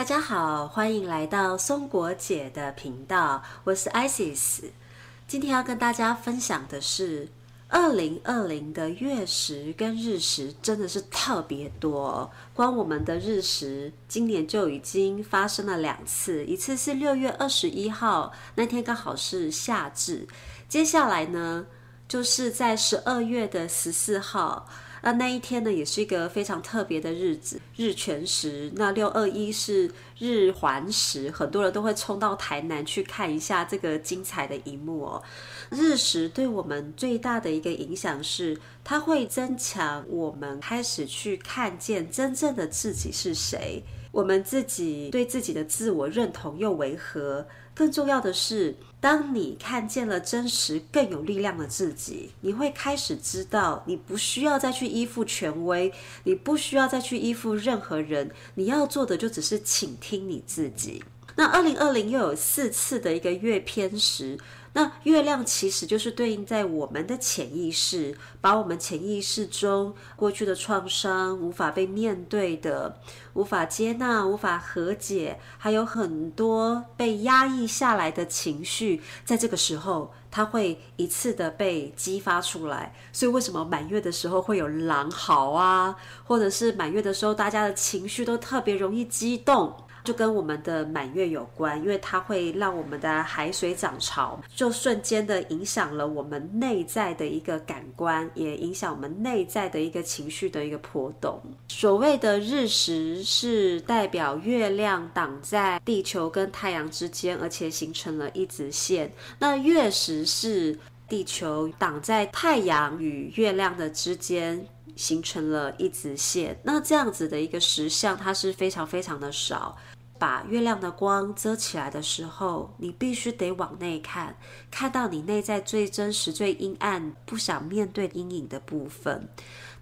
大家好，歡迎來到松果姐的頻道，我是 ISIS。今天要跟大家分享的是，二零二零的月食跟日食真的是特別多，光我們的日食今年就已經發生了兩次，一次是六月二十一號，那天剛好是夏至，接下來呢就是在十二月的十四號。那一天呢，也是一個非常特別的日子，日全食。那六二一是日環食，很多人都會衝到台南去看一下這個精彩的一幕哦。日食對我們最大的一個影響是，它會增強我們開始去看見真正的自己是誰，我們自己對自己的自我認同又為何？更重要的是，當你看見了真實更有力量的自己，你會開始知道，你不需要再去依附權威，你不需要再去依附任何人，你要做的就只是傾聽你自己。那二零二零又有四次的一個月偏食。那月亮其實就是對應在我們的潛意識，把我們潛意識中過去的創傷、無法被面對的、無法接納、無法和解，還有很多被壓抑下來的情緒，在這個時候它會一次的被激發出來。所以為什麼滿月的時候會有狼嚎？啊，或者是滿月的時候大家的情緒都特別容易激動？就跟我們的滿月有關，因為它會讓我們的海水漲潮，就瞬間的影響了我們內在的一個感官，也影響我們內在的一個情緒的一個波動。所謂的日食，是代表月亮擋在地球跟太陽之間，而且形成了一直線。那月食是地球擋在太陽與月亮的之間，形成了一直線。那這樣子的一個食相，它是非常非常的少。把月亮的光遮起來的時候，你必須得往內看，看到你內在最真實、最陰暗、不想面對陰影的部分。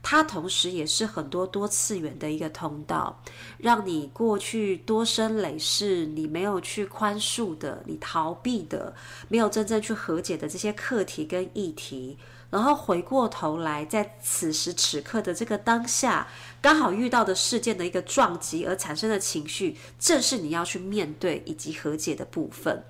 它同時也是很多多次元的一個通道，讓你過去多生累世你沒有去寬恕的、你逃避的、沒有真正去和解的這些課題跟議題。然後回過頭來，在此時此刻的這個當下，剛好遇到的事件的一個撞擊而產生的情緒，正是你要去面對以及和解的部分。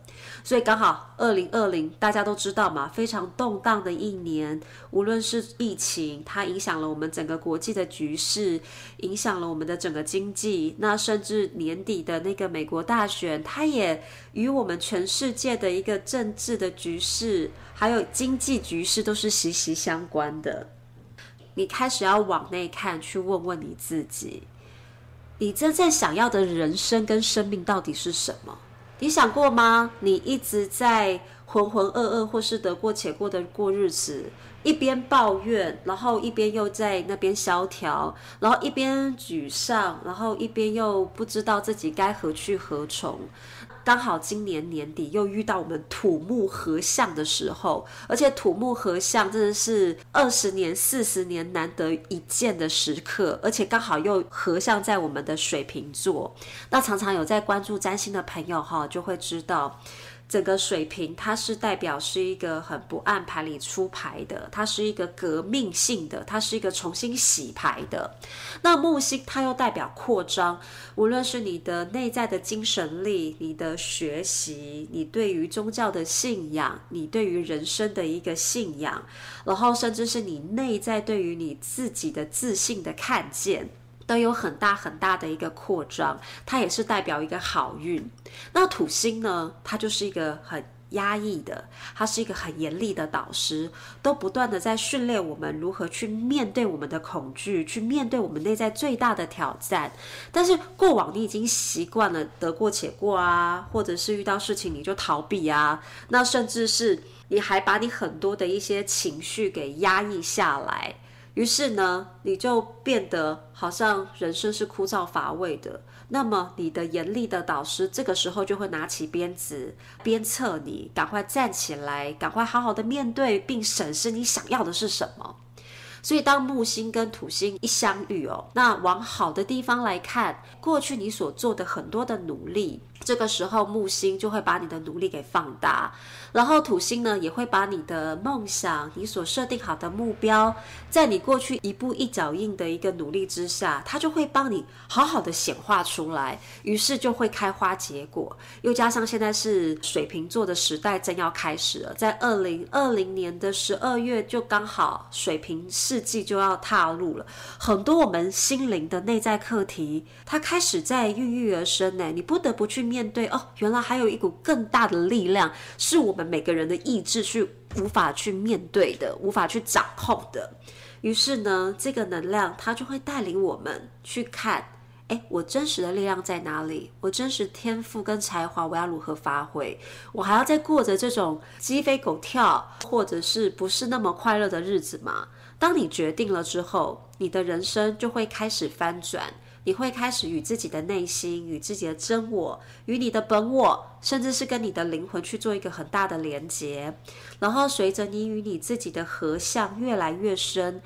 所以剛好，二零二零大家都知道嘛，非常動盪的一年。無論是疫情，它影響了我們整個國際的局勢，影響了我們的整個經濟。那甚至年底的那個美國大選，它也與我們全世界的一個政治的局勢，還有經濟局勢都是息息相關的。你開始要往內看，去問問你自己，你真正想要的人生跟生命到底是什麼？你想過嗎？你一直在渾渾噩噩，或是得過且過的過日子，一邊抱怨，然後一邊又在那邊蕭條，然後一邊沮喪，然後一邊又不知道自己該何去何從。剛好今年年底又遇到我們土木合相的時候，而且土木合相真的是二十年、四十年難得一見的時刻，而且剛好又合相在我們的水瓶座。那常常有在關注占星的朋友哈，就會知道。整個水瓶，它是代表是一個很不按牌理出牌的，它是一個革命性的，它是一個重新洗牌的。那木星，它又代表擴張，無論是你的內在的精神力、你的學習、你對於宗教的信仰、你對於人生的一個信仰，然後甚至是你內在對於你自己的自信的看見。都有很大很大的一個擴張，它也是代表一個好運。那土星呢？它就是一個很壓抑的，它是一個很嚴厲的導師，都不斷的在訓練我們如何去面對我們的恐懼，去面對我們內在最大的挑戰。但是過往你已經習慣了得過且過啊，或者是遇到事情你就逃避啊，那甚至是你還把你很多的一些情緒給壓抑下來。於是呢，你就變得好像人生是枯燥乏味的。那麼你的嚴厲的導師這個時候就會拿起鞭子鞭策你，趕快站起來，趕快好好的面對，並審視你想要的是什麼。所以當木星跟土星一相遇哦，那往好的地方來看，過去你所做的很多的努力，這個時候木星就會把你的努力給放大。然後土星呢，也會把你的夢想、你所設定好的目標，在你過去一步一腳印的一個努力之下，它就會幫你好好的顯化出來，於是就會開花結果。又加上現在是水瓶座的時代，正要開始了，在二零二零年的十二月，就剛好水瓶世紀就要踏入了，很多我們心靈的內在課題，它開始在孕育而生呢，你不得不去面對哦，原來還有一股更大的力量是我。我們每個人的意志是無法去面對的，無法去掌控的。於是呢，這個能量它就會帶領我們去看：哎、欸，我真實的力量在哪裡？我真實天賦跟才華，我要如何發揮？我還要再過着這種雞飛狗跳，或者是不是那麼快樂的日子嗎？當你決定了之後，你的人生就會開始翻轉。你會開始與自己的內心、與自己的真我、與你的本我，甚至是跟你的靈魂去做一個很大的連接。然後，隨着你與你自己的合相越來越深，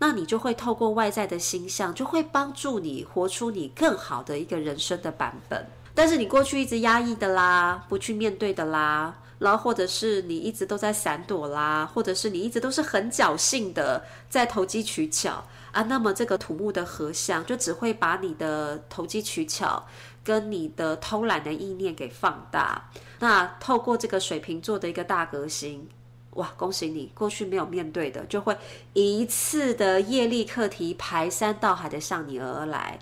那你就會透過外在的星象，就會幫助你活出你更好的一個人生的版本。但是，你過去一直壓抑的啦，不去面對的啦，然後或者是你一直都在閃躲啦，或者是你一直都是很僥倖的在投機取巧。啊，那麼這個土木的合相就只會把你的投機取巧跟你的偷懶的意念給放大。那透過這個水瓶座的一個大革新，哇，恭喜你，過去沒有面對的，就會一次的業力課題排山倒海的向你而來。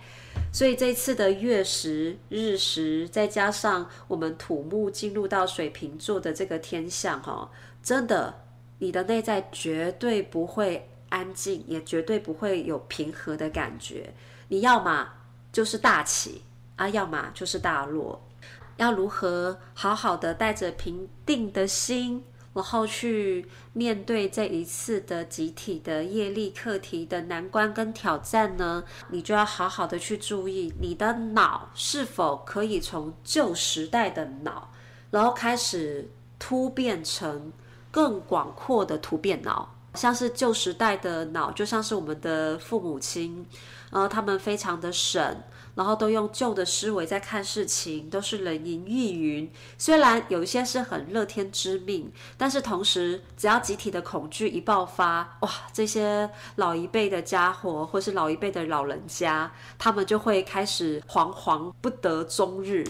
所以這次的月食、日食，再加上我們土木進入到水瓶座的這個天象，哦，真的，你的內在絕對不會。安靜也絕對不會有平和的感覺，你要麼就是大起啊，要麼就是大落。要如何好好的帶着平定的心，然後去面對這一次的集體的業力課題的難關跟挑戰呢？你就要好好的去注意你的腦是否可以從舊時代的腦，然後開始突變成更廣闊的突變腦。像是舊時代的腦，就像是我們的父母親，然後他們非常的省，然後都用舊的思維在看事情，都是人云亦云。雖然有一些是很樂天知命，但是同時，只要集體的恐懼一爆發，哇，這些老一輩的傢伙，或是老一輩的老人家，他們就會開始惶惶不得終日。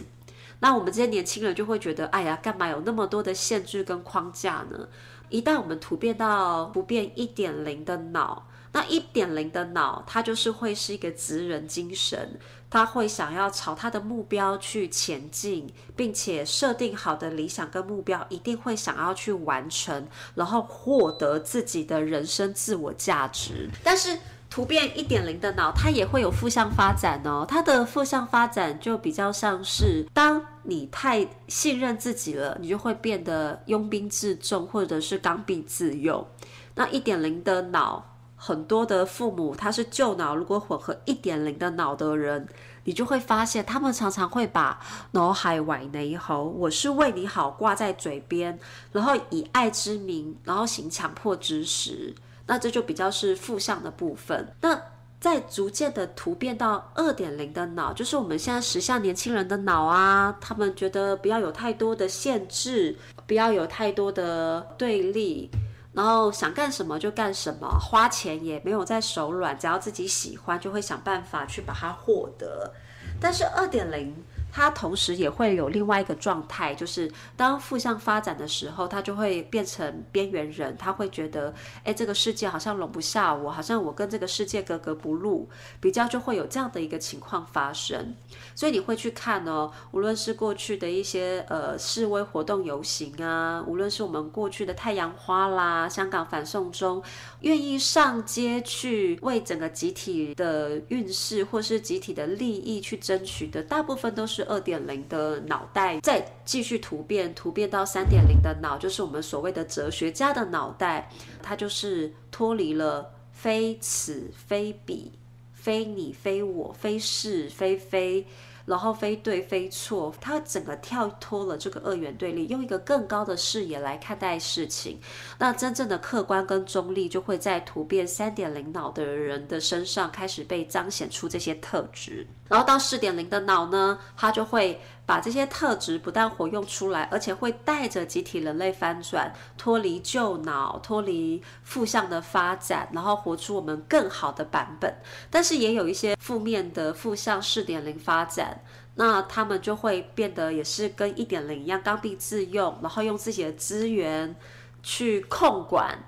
那我們這些年輕人就會覺得，哎呀，幹嘛有那麼多的限制跟框架呢？一旦我們突變到不變一點零的腦，那一點零的腦，它就是會是一個職人精神，它會想要朝它的目標去前進，並且設定好的理想跟目標，一定會想要去完成，然後獲得自己的人生自我價值。但是。圖變一點零的腦，它也會有負向發展哦。它的負向發展就比較像是，當你太信任自己了，你就會變得擁兵自重，或者是剛愎自用。那一點零的腦，很多的父母他是舊腦，如果混合一點零的腦的人，你就會發現他們常常會把腦海外那一喉，我是為你好掛在嘴邊，然後以愛之名，然後行強迫之實。那這就比較是負向的部分。那在逐漸的突變到二點零的腦，就是我們現在時下年輕人的腦啊，他們覺得不要有太多的限制，不要有太多的對立，然後想幹什麼就幹什麼，花錢也沒有在手軟，只要自己喜歡就會想辦法去把它獲得。但是二點零。他同時也會有另外一個狀態，就是當負向發展的時候，他就會變成邊緣人。他會覺得，哎，這個世界好像容不下我，好像我跟這個世界格格不入，比較就會有這樣的一個情況發生。所以你會去看哦，無論是過去的一些呃示威活動、遊行啊，無論是我們過去的太陽花啦、香港反送中，願意上街去為整個集體的運勢或是集體的利益去爭取的，大部分都是。二點零的腦袋，再繼續突變，突變到三點零的腦，就是我們所謂的哲學家的腦袋，它就是脫離了非此非彼、非你非我、非是非非。然後非對非錯，他整個跳脫了這個二元對立，用一個更高的視野來看待事情。那真正的客觀跟中立，就會在突變三點零腦的人的身上開始被彰顯出這些特質。然後到四點零的腦呢，他就會。把這些特質不但活用出來，而且會帶着集體人類翻轉，脫離舊腦，脫離負向的發展，然後活出我們更好的版本。但是也有一些負面的負向四點零發展，那他們就會變得也是跟一點零一樣剛愎自用，然後用自己的資源去控管。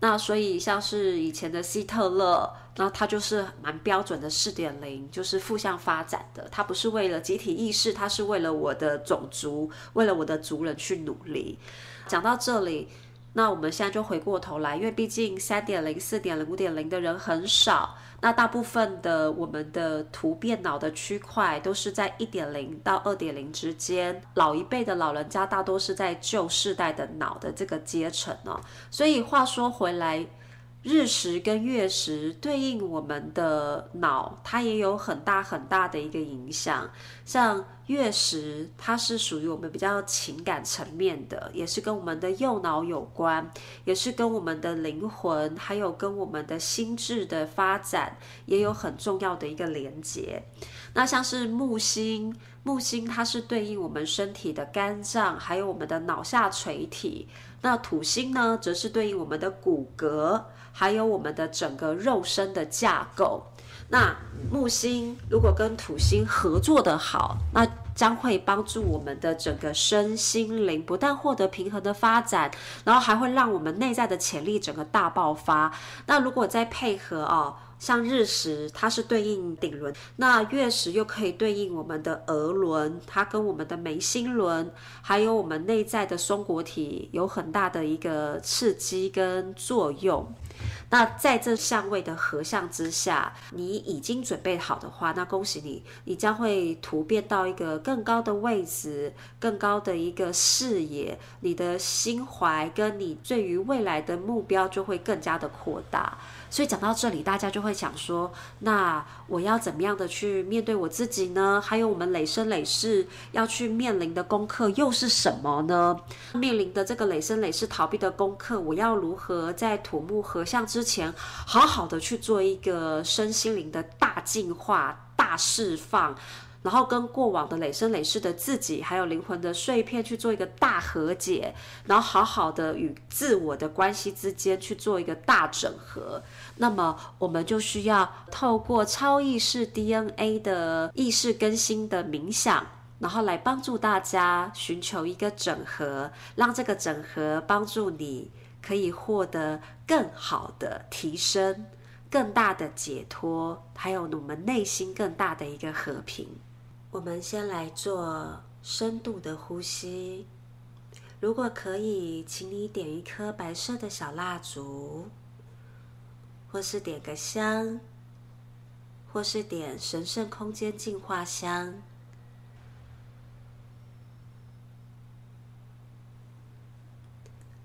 那所以像是以前的希特勒。那它就是蠻標準的四點零，就是負向發展的。它不是為了集體意識，它是為了我的種族，為了我的族人去努力。講到這裡，那我們現在就回過頭來，因為畢竟三點零、四點零、五點零的人很少。那大部分的我們的突變腦的區塊都是在一點零到二點零之間。老一輩的老人家大多是在舊世代的腦的這個階層哦。所以話說回來。日食跟月食對應我們的腦，它也有很大很大的一個影響。像月食，它是屬於我們比較情感層面的，也是跟我們的右腦有關，也是跟我們的靈魂，還有跟我們的心智的發展也有很重要的一個連接。那像是木星，木星它是對應我們身體的肝臟，還有我們的腦下垂體。那土星呢，則是對應我們的骨骼。還有我們的整個肉身的架構，那木星如果跟土星合作得好，那將會幫助我們的整個身心靈不但獲得平衡的發展，然後還會讓我們內在的潛力整個大爆發。那如果再配合哦。像日食，它是對應頂輪；那月食又可以對應我們的額輪，它跟我們的眉心輪，還有我們內在的松果體，有很大的一個刺激跟作用。那在這相位的合相之下，你已經準備好的話，那恭喜你，你將會突變到一個更高的位置，更高的一個視野，你的心懷跟你對於未來的目標就會更加的擴大。所以講到這裡，大家就會想說：那我要怎麼樣的去面對我自己呢？還有我們累生累世要去面臨的功課又是什麼呢？面臨的這個累生累世逃避的功課，我要如何在土木合相之前，好好的去做一個身心靈的大淨化、大釋放？然後跟過往的累生累世的自己，還有靈魂的碎片去做一個大和解，然後好好的與自我的關係之間去做一個大整合。那麼我們就需要透過超意識 DNA 的意識更新的冥想，然後來幫助大家尋求一個整合，讓這個整合幫助你可以獲得更好的提升、更大的解脫，還有我們內心更大的一個和平。我們先來做深度的呼吸。如果可以，請你點一顆白色的小蠟燭，或是點個香，或是點神聖空間淨化香。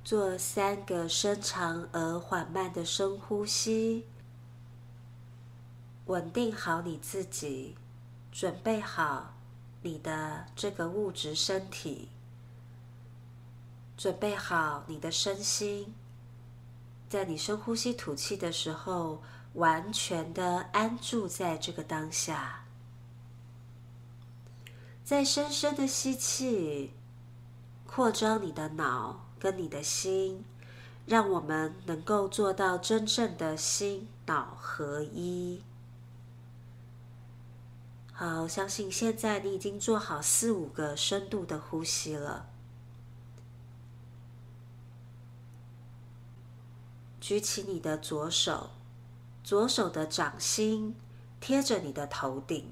做三個深長而緩慢的深呼吸，穩定好你自己。準備好你的這個物質身體，準備好你的身心，在你深呼吸吐氣的時候，完全的安住在這個當下。再深深的吸氣，擴張你的腦跟你的心，讓我們能夠做到真正的心腦合一。好，相信現在你已經做好四五個深度的呼吸了。舉起你的左手，左手的掌心貼着你的頭頂；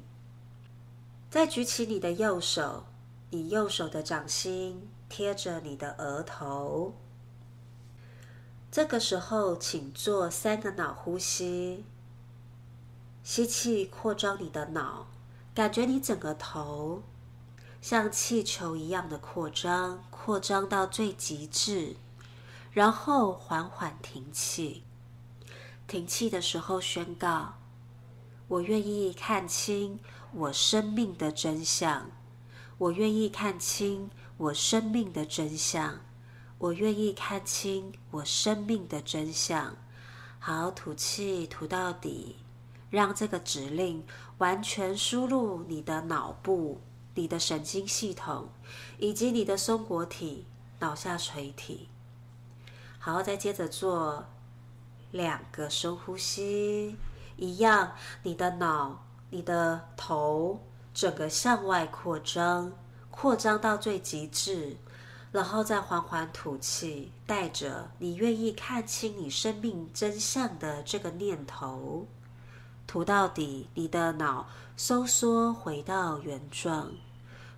再舉起你的右手，你右手的掌心貼着你的額頭。這個時候，請做三個腦呼吸，吸氣，擴張你的腦。感覺你整個頭，像氣球一樣的擴張，擴張到最極致，然後緩緩停氣。停氣的時候宣告：我願意看清我生命的真相。我願意看清我生命的真相。我願意看清我生命的真相。好，吐氣，吐到底。讓這個指令完全輸入你的腦部、你的神經系統以及你的松果體、腦下垂體。好，再接着做兩個深呼吸，一樣，你的腦、你的頭整個向外擴張，擴張到最極致，然後再緩緩吐氣，帶着你願意看清你生命真相的這個念頭。吐到底，你的腦收縮回到原狀。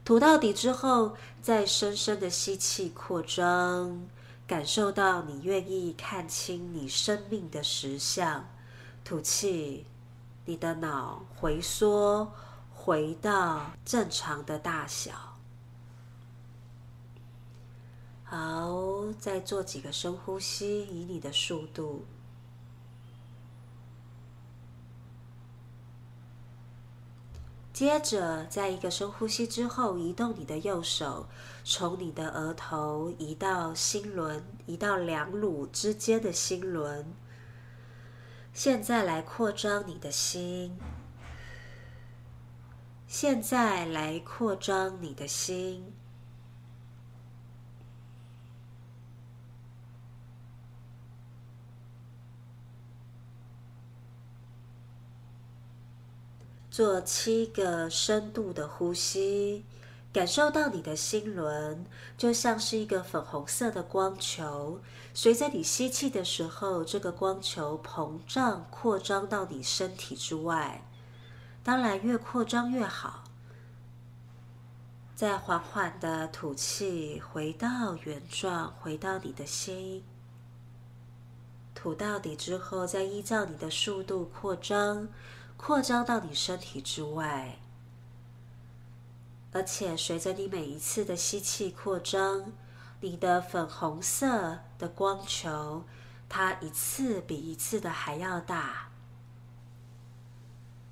吐到底之後，再深深的吸氣，擴張，感受到你願意看清你生命的實相。吐氣，你的腦回縮回到正常的大小。好，再做幾個深呼吸，以你的速度。接着，在一個深呼吸之後，移動你的右手，從你的額頭移到心輪，移到兩乳之間的心輪。現在來擴張你的心。現在來擴張你的心。做七個深度的呼吸，感受到你的心輪就像是一個粉紅色的光球。隨着你吸氣的時候，這個光球膨脹擴張到你身體之外。當然，越擴張越好。再緩緩的吐氣，回到原狀，回到你的心。吐到底之後，再依照你的速度擴張。擴張到你身體之外，而且隨着你每一次的吸氣擴張，你的粉紅色的光球，它一次比一次的還要大。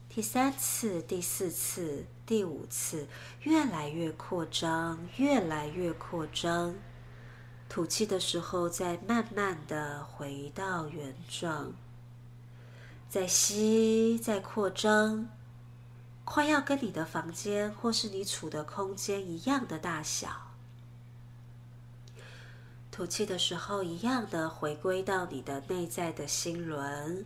第三次、第四次、第五次，越來越擴張，越來越擴張。吐氣的時候，再慢慢的回到原狀。再吸，再擴張，快要跟你的房間或是你處的空間一樣的大小。吐氣的時候，一樣的回歸到你的內在的心輪。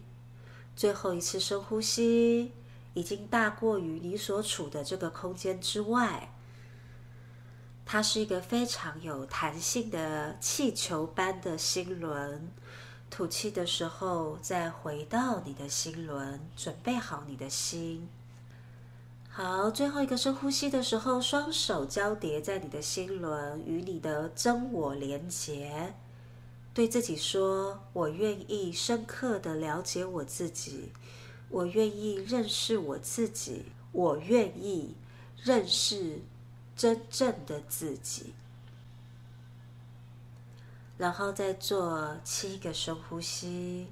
最後一次深呼吸，已經大過於你所處的這個空間之外。它是一個非常有彈性的氣球般的心輪。吐氣的時候，再回到你的心輪，準備好你的心。好，最後一個深呼吸的時候，雙手交疊在你的心輪，與你的真我連結。對自己說：“我願意深刻的了解我自己，我願意認識我自己，我願意認識真正的自己。”然後再做七個深呼吸。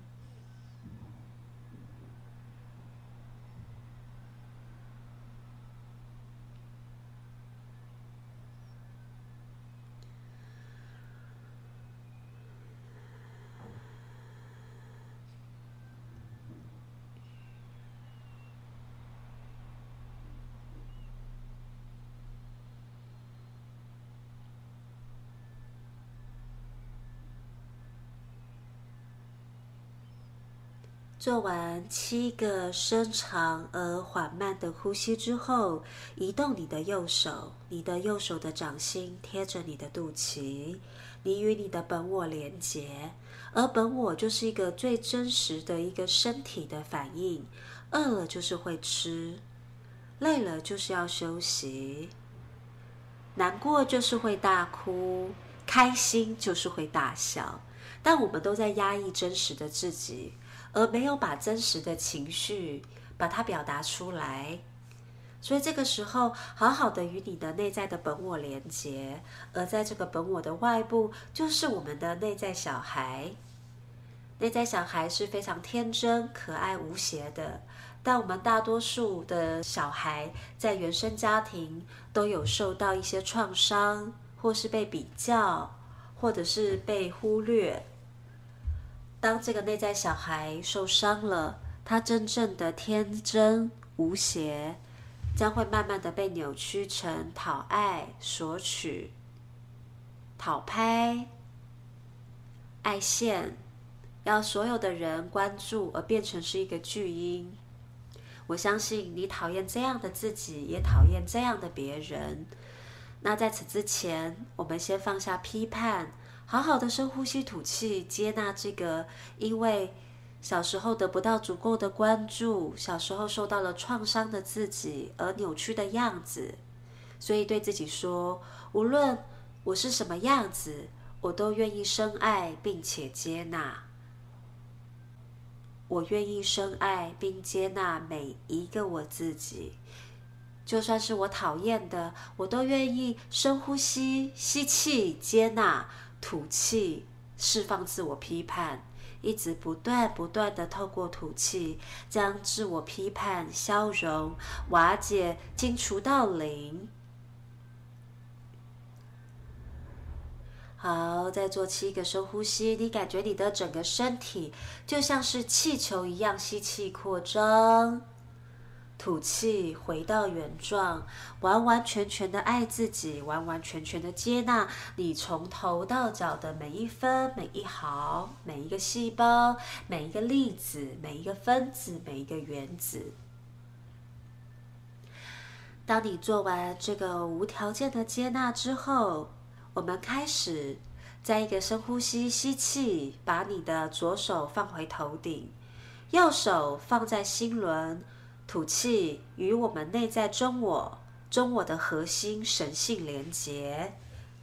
做完七個深長而緩慢的呼吸之後，移動你的右手，你的右手的掌心貼着你的肚臍，你與你的本我連接，而本我就是一個最真實的一個身體的反應。餓了就是會吃，累了就是要休息，難過就是會大哭，開心就是會大笑。但我們都在壓抑真實的自己。而沒有把真實的情緒把它表達出來，所以這個時候，好好的與你的內在的本我連接，而在這個本我的外部，就是我們的內在小孩。內在小孩是非常天真、可愛、無邪的，但我們大多數的小孩在原生家庭都有受到一些創傷，或是被比較，或者是被忽略。當這個內在小孩受傷了，他真正的天真無邪將會慢慢的被扭曲成討愛、索取、討拍、愛現，要所有的人關注，而變成是一個巨嬰。我相信你討厭這樣的自己，也討厭這樣的別人。那在此之前，我們先放下批判。好好的深呼吸，吐氣，接納這個，因為小時候得不到足夠的關注，小時候受到了創傷的自己而扭曲的樣子，所以對自己說：無論我是什麼樣子，我都願意深愛並且接納。我願意深愛並接納每一個我自己，就算是我討厭的，我都願意深呼吸，吸氣，接納。吐氣，釋放自我批判，一直不斷不斷的透過吐氣，將自我批判消融、瓦解、清除到零。好，再做七個深呼吸，你感覺你的整個身體就像是氣球一樣，吸氣擴張。吐氣，回到原狀，完完全全的愛自己，完完全全的接納你從頭到腳的每一分、每一毫、每一個細胞、每一個粒子、每一個分子、每一個原子。當你做完這個無條件的接納之後，我們開始再一個深呼吸，吸氣，把你的左手放回頭頂，右手放在心輪。吐氣，與我們內在真我、真我的核心神性連結，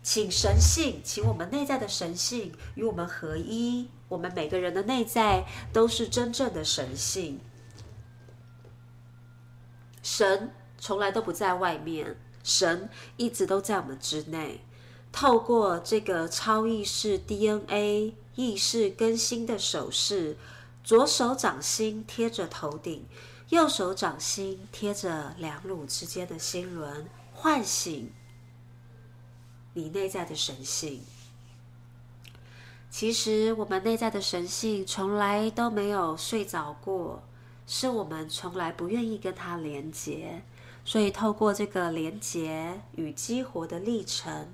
請神性，請我們內在的神性與我們合一。我們每個人的內在都是真正的神性。神從來都不在外面，神一直都在我們之內。透過這個超意識 DNA 意識更新的手勢，左手掌心貼着頭頂。右手掌心貼着兩乳之間的心輪，喚醒你內在的神性。其實，我們內在的神性從來都沒有睡着過，是我們從來不願意跟它連接，所以，透過這個連接與激活的歷程，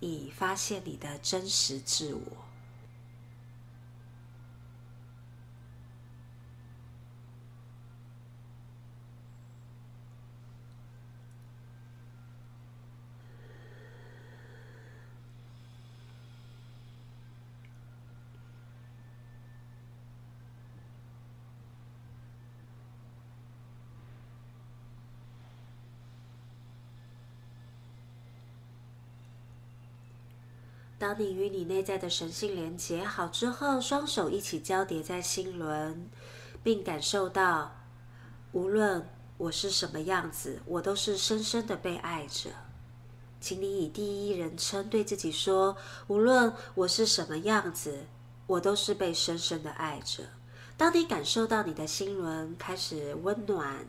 以發現你的真實自我。當你與你內在的神性連接好之後，雙手一起交疊在心輪，並感受到無論我是什麼樣子，我都是深深的被愛着。請你以第一人稱對自己說：“無論我是什麼樣子，我都是被深深的愛着。”當你感受到你的心輪開始溫暖、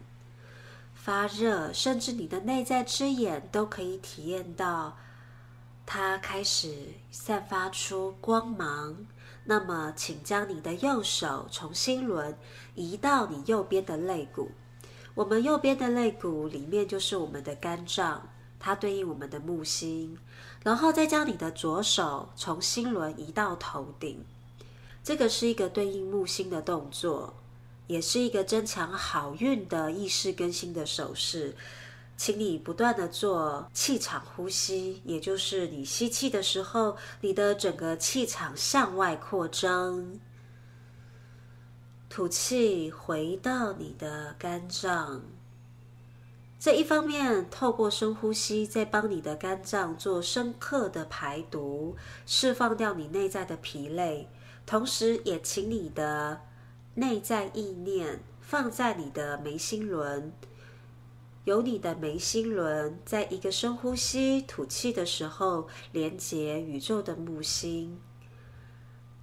發熱，甚至你的內在之眼都可以體驗到。它開始散發出光芒，那麼，請將你的右手從心輪移到你右邊的肋骨。我們右邊的肋骨裡面就是我們的肝臟，它對應我們的木星。然後再將你的左手從心輪移到頭頂，這個是一個對應木星的動作，也是一個增強好運的意識更新的手勢。請你不斷的做氣場呼吸，也就是你吸氣的時候，你的整個氣場向外擴張，吐氣回到你的肝臟。這一方面透過深呼吸，在幫你的肝臟做深刻的排毒，釋放掉你內在的疲累。同時，也請你的內在意念放在你的眉心輪。有你的眉心輪，在一個深呼吸、吐氣的時候，連接宇宙的木星。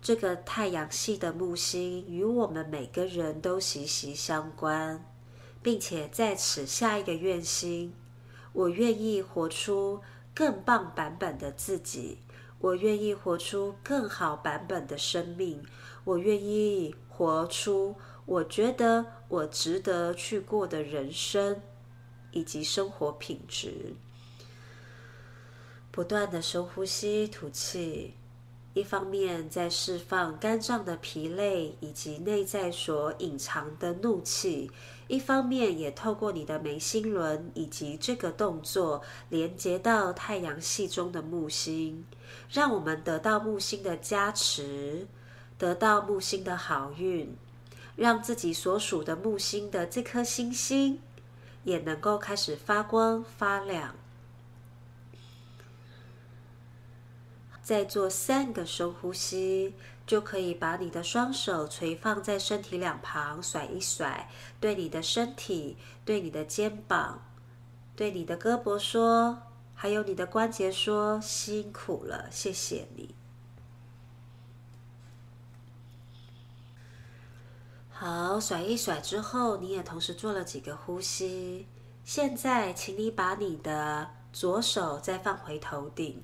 這個太陽系的木星與我們每個人都息息相關，並且在此下一個願心：我願意活出更棒版本的自己；我願意活出更好版本的生命；我願意活出我覺得我值得去過的人生。以及生活品質，不斷的深呼吸吐氣，一方面在釋放肝臟的疲累以及內在所隱藏的怒氣，一方面也透過你的眉心輪以及這個動作，連接到太陽系中的木星，讓我們得到木星的加持，得到木星的好運，讓自己所屬的木星的這顆星星。也能夠開始發光發亮。再做三個深呼吸，就可以把你的雙手垂放在身體兩旁，甩一甩。對你的身體、對你的肩膀、對你的胳膊說，還有你的關節說，辛苦了，謝謝你。好，甩一甩之後，你也同時做了幾個呼吸。現在，請你把你的左手再放回頭頂，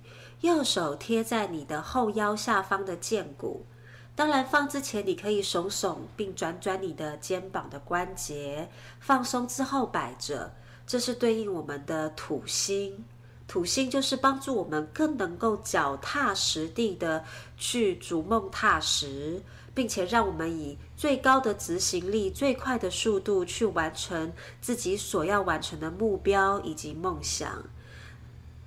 右手貼在你的後腰下方的薦骨。當然，放之前你可以聳聳並轉轉你的肩膀的關節，放鬆之後擺着。這是對應我們的土星，土星就是幫助我們更能夠腳踏實地的去逐夢踏實。並且讓我們以最高的執行力、最快的速度去完成自己所要完成的目標以及夢想。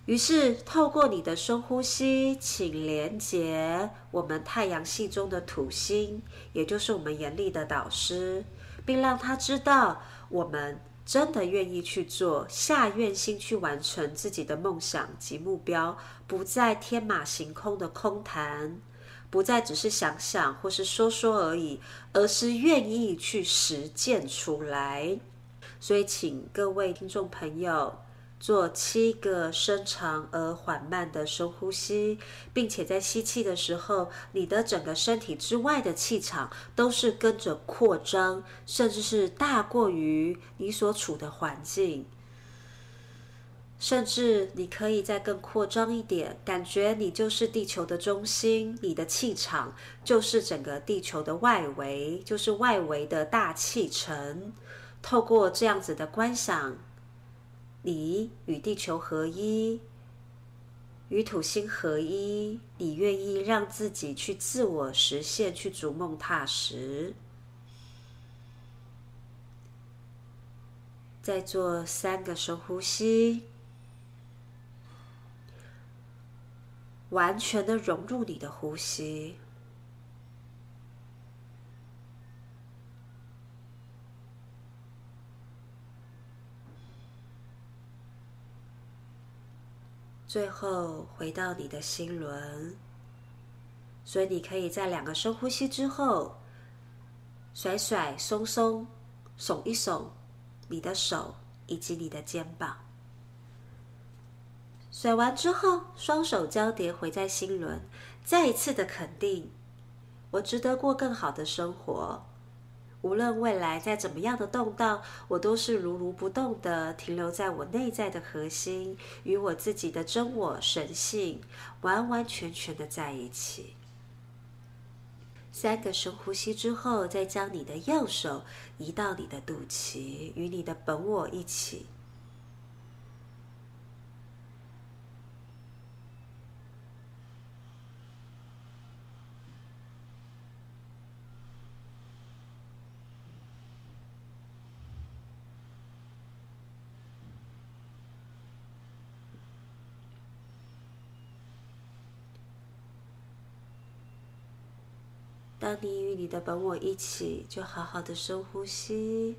於是，透過你的深呼吸，請連接我們太陽系中的土星，也就是我們嚴厲的導師，並讓他知道我們真的願意去做，下願心去完成自己的夢想及目標，不再天馬行空的空談。不再只是想想或是說說而已，而是願意去實踐出來。所以，請各位聽眾朋友做七個深長而緩慢的深呼吸，並且在吸氣的時候，你的整個身體之外的氣場都是跟着擴張，甚至是大過於你所處的環境。甚至你可以再更擴張一點，感覺你就是地球的中心，你的氣場就是整個地球的外圍，就是外圍的大氣層。透過這樣子的觀想，你與地球合一，與土星合一。你願意讓自己去自我實現，去逐夢踏實。再做三個深呼吸。完全的融入你的呼吸，最後回到你的心輪。所以你可以在兩個深呼吸之後，甩甩、鬆鬆、鬆、聳一聳你的手以及你的肩膀。甩完之後，雙手交疊回在心輪，再一次的肯定：我值得過更好的生活。無論未來再怎麼樣的動盪，我都是如如不動的，停留在我內在的核心，與我自己的真我神性，完完全全的在一起。三個深呼吸之後，再將你的右手移到你的肚臍，與你的本我一起。當你與你的本我一起，就好好的深呼吸。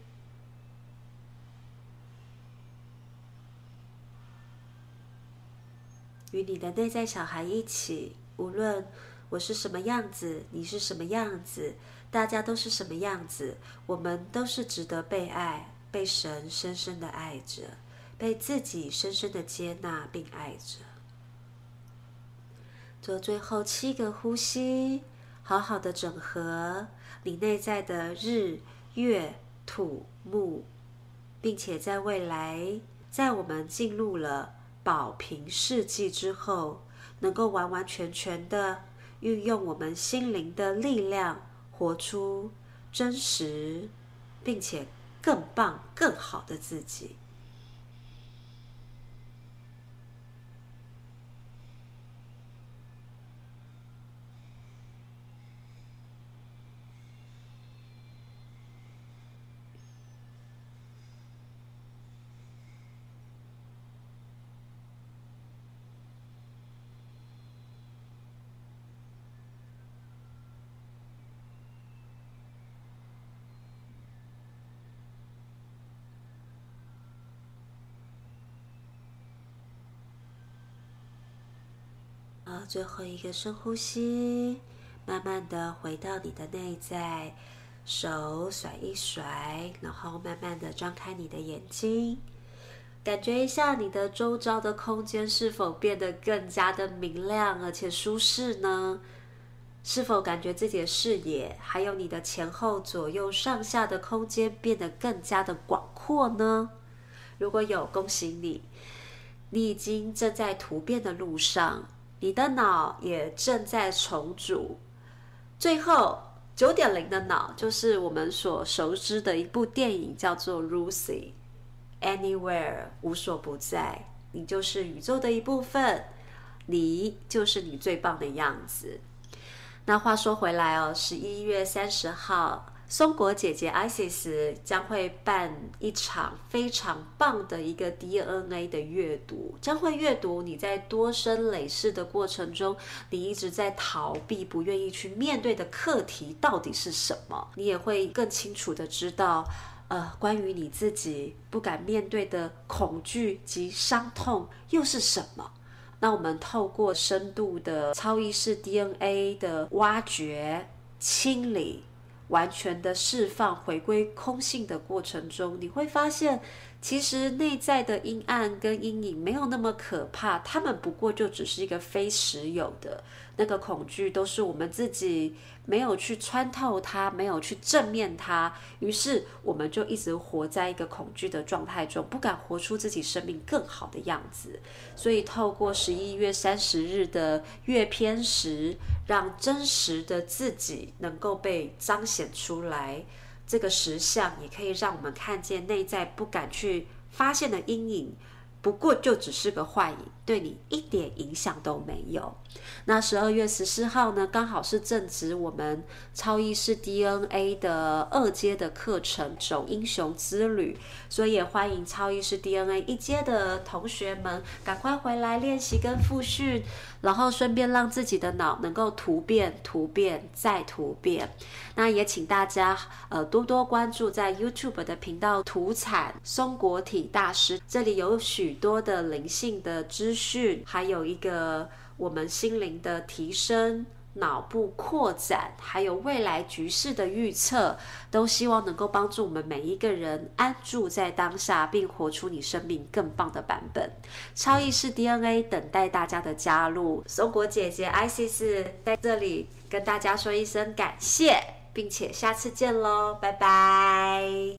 與你的內在小孩一起，無論我是什麼樣子，你是什麼樣子，大家都是什麼樣子，我們都是值得被愛、被神深深的愛着、被自己深深的接納並愛着。做最後七個呼吸。好好的整合你內在的日、月、土、木，並且在未來，在我們進入了寶瓶世紀之後，能夠完完全全的運用我們心靈的力量，活出真實，並且更棒、更好的自己。最後一個深呼吸，慢慢的回到你的內在，手甩一甩，然後慢慢的張開你的眼睛，感覺一下你的周遭的空間是否變得更加的明亮而且舒適呢？是否感覺自己的視野還有你的前後左右上下的空間變得更加的廣闊呢？如果有，恭喜你，你已經正在突變的路上。你的腦也正在重組。最後，九點零的腦就是我們所熟知的一部電影，叫做《Lucy》，Anywhere 無所不在。你就是宇宙的一部分，你就是你最棒的樣子。那話說回來哦，十一月三十號。松果姐姐 ISIS 將會辦一場非常棒的一個 DNA 的閱讀，將會閱讀你在多生累世的過程中，你一直在逃避、不願意去面對的課題到底是什麼？你也會更清楚的知道，呃，關於你自己不敢面對的恐懼及傷痛又是什麼？那我們透過深度的超意識 DNA 的挖掘、清理。完全的釋放，回歸空性的過程中，你會發現，其實內在的陰暗跟陰影沒有那麼可怕，他們不過就只是一個非實有的。那個恐懼都是我們自己沒有去穿透它，沒有去正面它，於是我們就一直活在一個恐懼的狀態中，不敢活出自己生命更好的樣子。所以，透過十一月三十日的月偏蝕，讓真實的自己能夠被彰顯出來。這個實相也可以讓我們看見內在不敢去發現的陰影。不過就只是個幻影，對你一點影響都沒有。那十二月十四號呢，剛好是正值我們超意識 DNA 的二階的課程總英雄之旅，所以也歡迎超意識 DNA 一階的同學們趕快回來練習跟複訓。然後順便讓自己的腦能夠突變、突變再突變。那也請大家呃多多關注在 YouTube 的頻道“土產松果體大師”，這裡有許多的靈性的資訊，還有一個我們心靈的提升。腦部擴展，還有未來局勢的預測，都希望能夠幫助我們每一個人安住在當下，並活出你生命更棒的版本。超意識 DNA 等待大家的加入。松果姐姐 Isis，在這裡跟大家說一聲感謝，並且下次見嘍，拜拜。